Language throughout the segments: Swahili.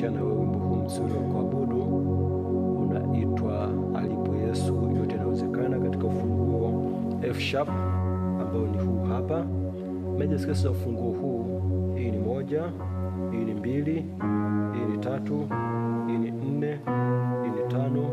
kukaribisha na wimbo huu mzuri wa kuabudu unaitwa Alipo Yesu, yote inawezekana, katika ufunguo F sharp ambao ni huu hapa. Major scales za ufunguo huu, hii ni moja, hii ni mbili, hii ni tatu, hii ni nne, hii ni tano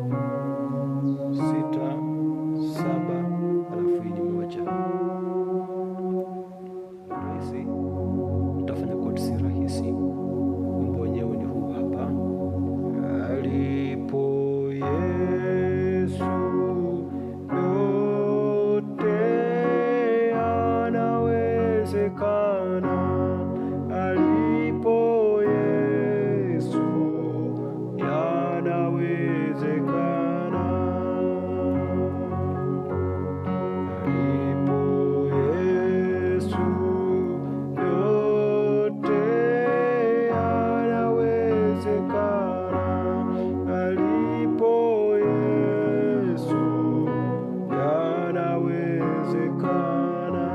Inawezekana.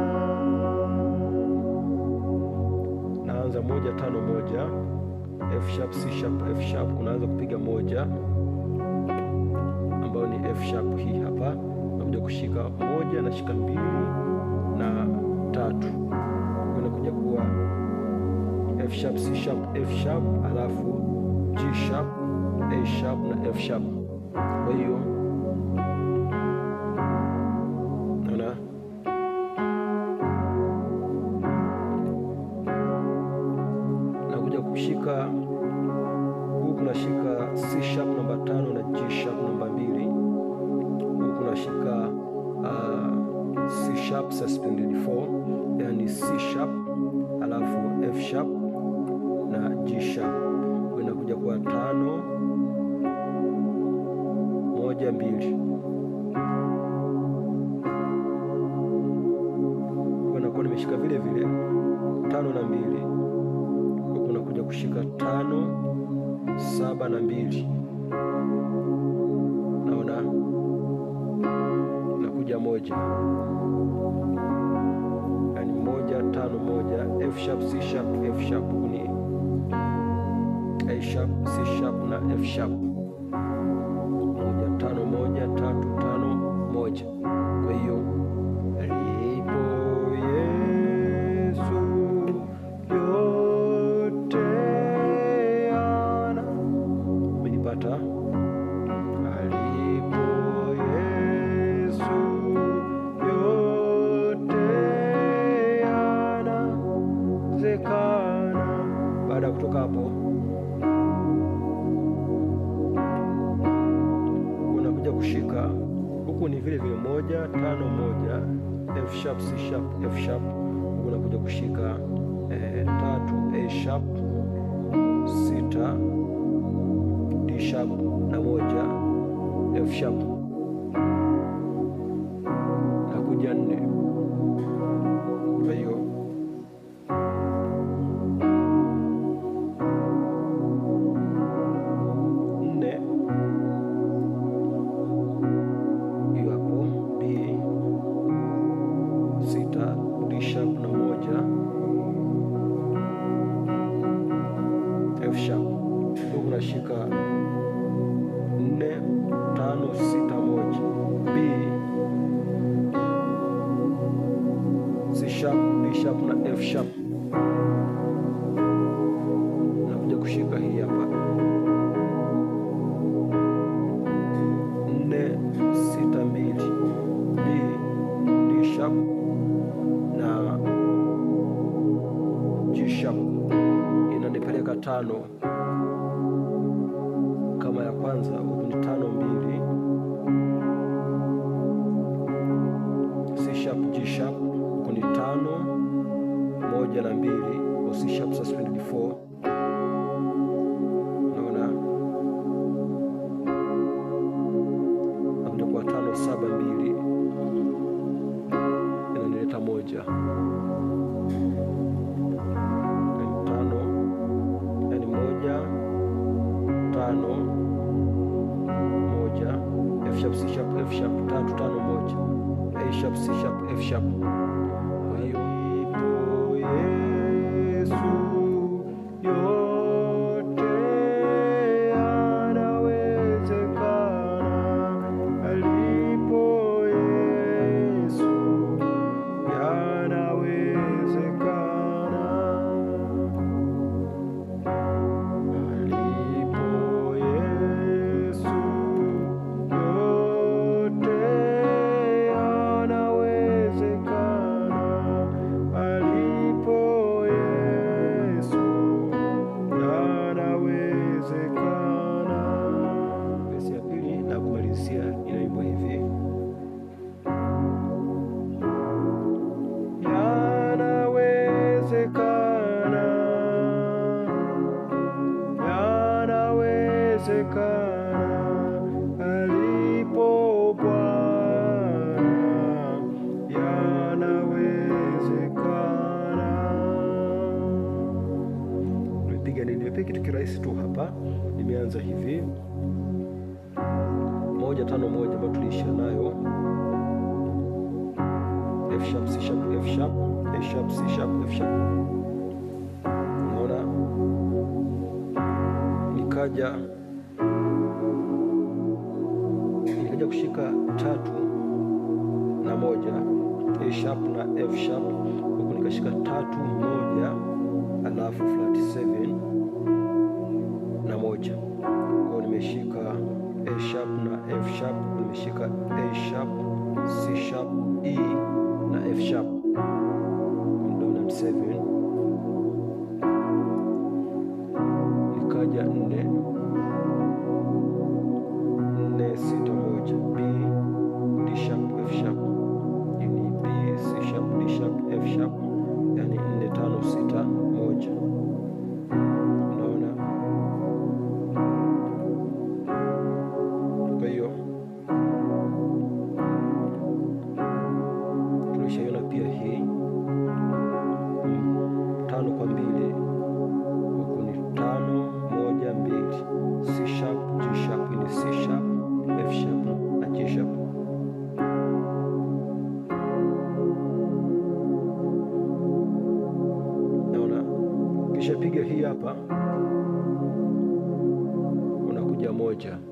Naanza moja tano moja, F sharp, C sharp, F sharp, kunaanza kupiga moja ambayo ni F sharp hii hapa, nakuja kushika moja, nashika mbili na tatu, kunakuja kuwa F sharp, C sharp, F sharp, alafu G sharp, A sharp na F sharp. Kwa hiyo sharp suspended 4, yani C sharp alafu F sharp na G sharp, kuja kwa tano moja mbili nakuwa nimeshika vile vile tano na mbili, kuja kushika tano saba na mbili. moja yani moja tano moja F sharp C sharp F sharp ni A sharp C sharp na F sharp vile vile moja tano moja F sharp C sharp F sharp unakuja kushika eh, tatu A sharp sita D sharp na moja F sharp na kuja nne kwa hiyo unashika nne tano sita moja B C sharp D sharp na F sharp, nakuja kushika hii hapa nne sita mbili B D sharp na G sharp inanipeleka tano kwanza F sharp. Oye, oye, nimeanza hivi moja tano moja ambayo tuliisha nayo F sharp C sharp F sharp A sharp C sharp F sharp. Naona nikaja nikaja kushika tatu na moja A sharp na F sharp huku nikashika tatu moja alafu flat 7 moja. Kwa nimeshika A sharp na F sharp, nimeshika A sharp, C sharp, E na F sharp on dominant 7, nikaja nne 你没车。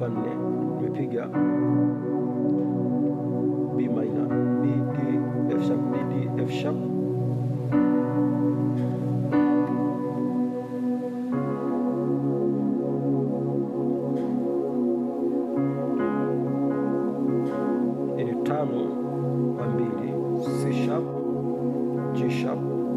hapa nne tumepiga B minor, B, D, F sharp, B, D, F sharp. Ini tano kwa mbili, C sharp, G sharp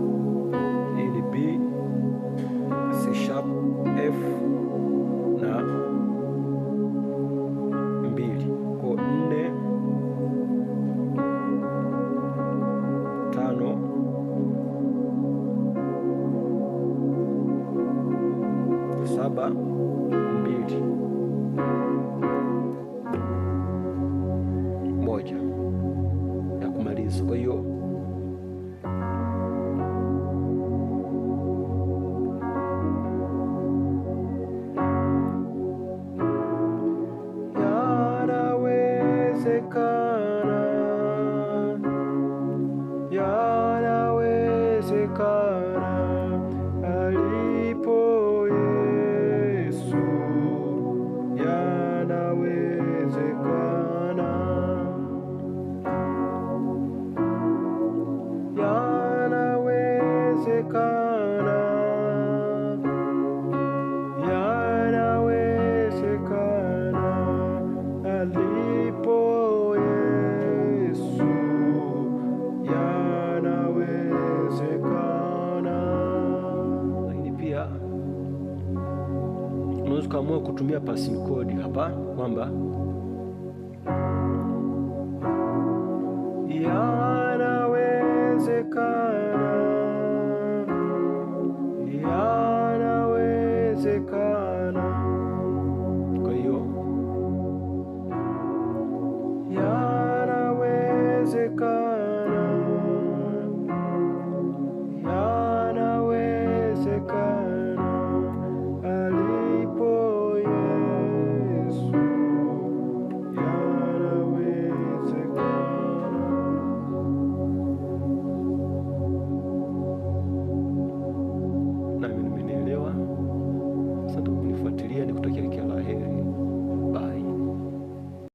saba mbili moja na kumaliza. Kwa hiyo yanawezekana. tunatumia passing code hapa kwamba